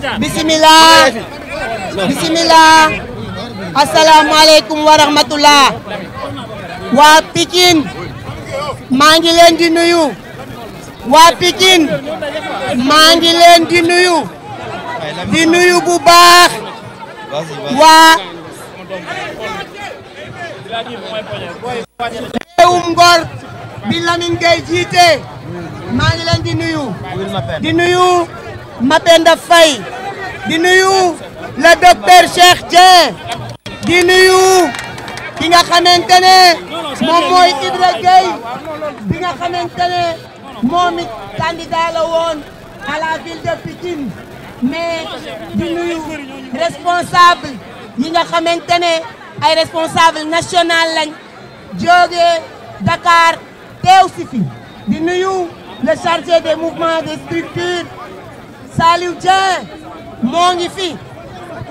bisimilah bisimilah asalaamualeykum wa rahmatullah waa Pikine maa ngi leen di nuyu waa Pikine maa ngi leen di nuyu di nuyu bu baax waa réewum Ngor bi Lamine Gueye jiite maa ngi leen di nuyu di nuyu Mapenda Faye di nuyu le docteur Cheikh Dieng di nuyu ki nga xamante ne moom mooy Ibra Gueye bi nga xamante ne moom it candidat la woon à la ville de Pikine mais di nuyu responsable yi nga xamante ne ay responsable national lañ jógee Dakar teew si fi di nuyu le chargé des mouvements des structures Saliou Dieng moo ngi fi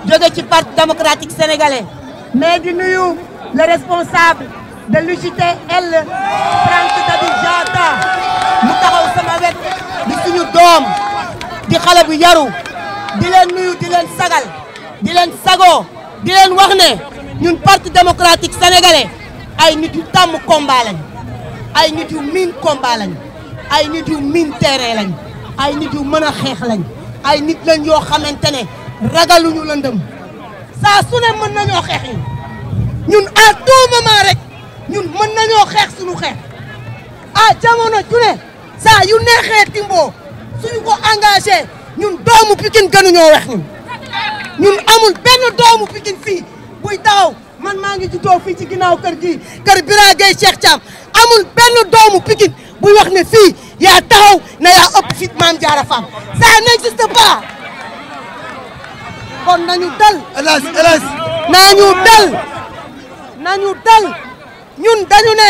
jóge ci parti démocratique sénégalais mais di nuyu le responsable de l'UJTL Franck David Diatta mu taxaw sama wet di suñu doom di xale bu yaru di leen nuyu di leen sagal di leen sagoo di leen wax ñun parti démocratique sénégalais ay nit yu tàmm combat ay nit yu miin combat ay nit yu miin terrain ay nit yu mën a xeex lañ ay nit lañ yoo xamante ne ragaluñu lëndëm saa su ne mën nañoo xeex yi ñun à tout rek ñun mën nañoo xeex suñu xeex ah jamono ju ne saa yu neexee Timbo suñu ko engagé ñun doomu Pikine gënuñoo wex ñun ñun amul benn doomu Pikine fii buy taxaw man maa ngi juddoo fii ci ginnaaw kër gi kër Bira Gueye Cheikh Thiam amul benn doomu Pikine buy wax ne fii yaa taxaw na yaa ëpp fit maam Diarra Fam n'existe pas kon nañu dal. hélas hélas. nañu dal nañu dal ñun dañu ne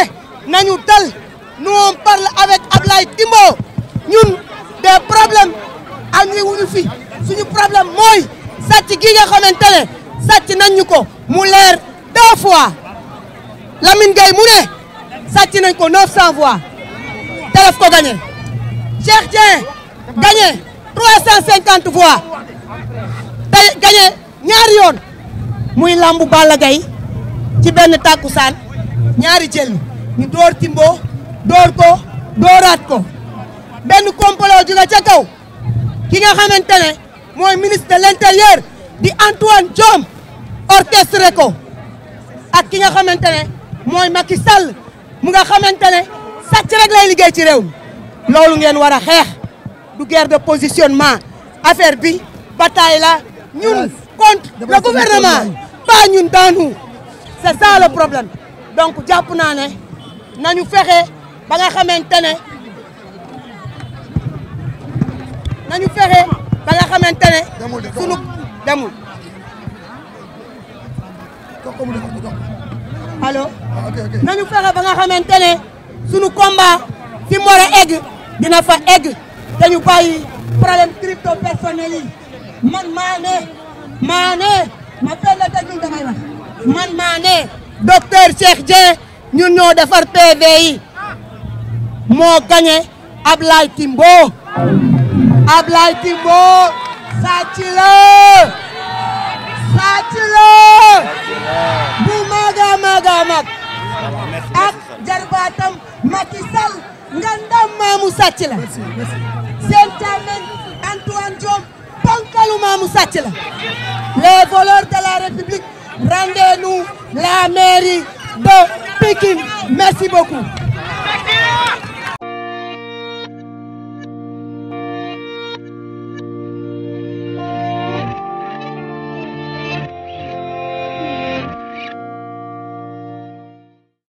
nañu dal nous on parle avec Ablaye Timbo ñun des problèmes andi wuñu fi suñu problème mooy sàcc gi nga xamante ne sàcc ko mu leer deux fois Lamine Gueye mu ne sàcc nañ ko 900 voix. daf ko gagné Cheikh Dieng gagné 350 voix tey gagné ñaari yoon muy lambu Balla ci benn tàkkusaan ñaari jël ñu door Timbo door ko dooraat ko benn complot juga ca kaw ki nga xamante ne mooy ministre de di Antoine Diome orchestré ko ak ki nga xamante mooy Macky mu nga xamante sàcc rek lay liggéey ci réew mi loolu ngeen war a xeex du guerre de positionnement affaire bi bataille la ñun contre le gouvernement pas ñun dans c'est ça le problème donc jàpp naa ne nañu fexe ba nga xamante ne nañu fexe ba nga xamante ne ah, ba nga xamante ne sunu combat fi mu war a egg dina fa egg dañu bàyyi problème crypto personnel man maa ne docteur Cheikh Dieng ñun ñoo defar PV moo gagné Ablaye Timbo Ablaye Timbo sàcc la sàcc la bu mag a mag mag ak jarbaatam Macky Sall nga ndam maamu sàcc la seen càmmeñ Antoine Diome ponkalu maamu sàcc la les voleurs de la République rendez la mairie de Pikine merci beaucoup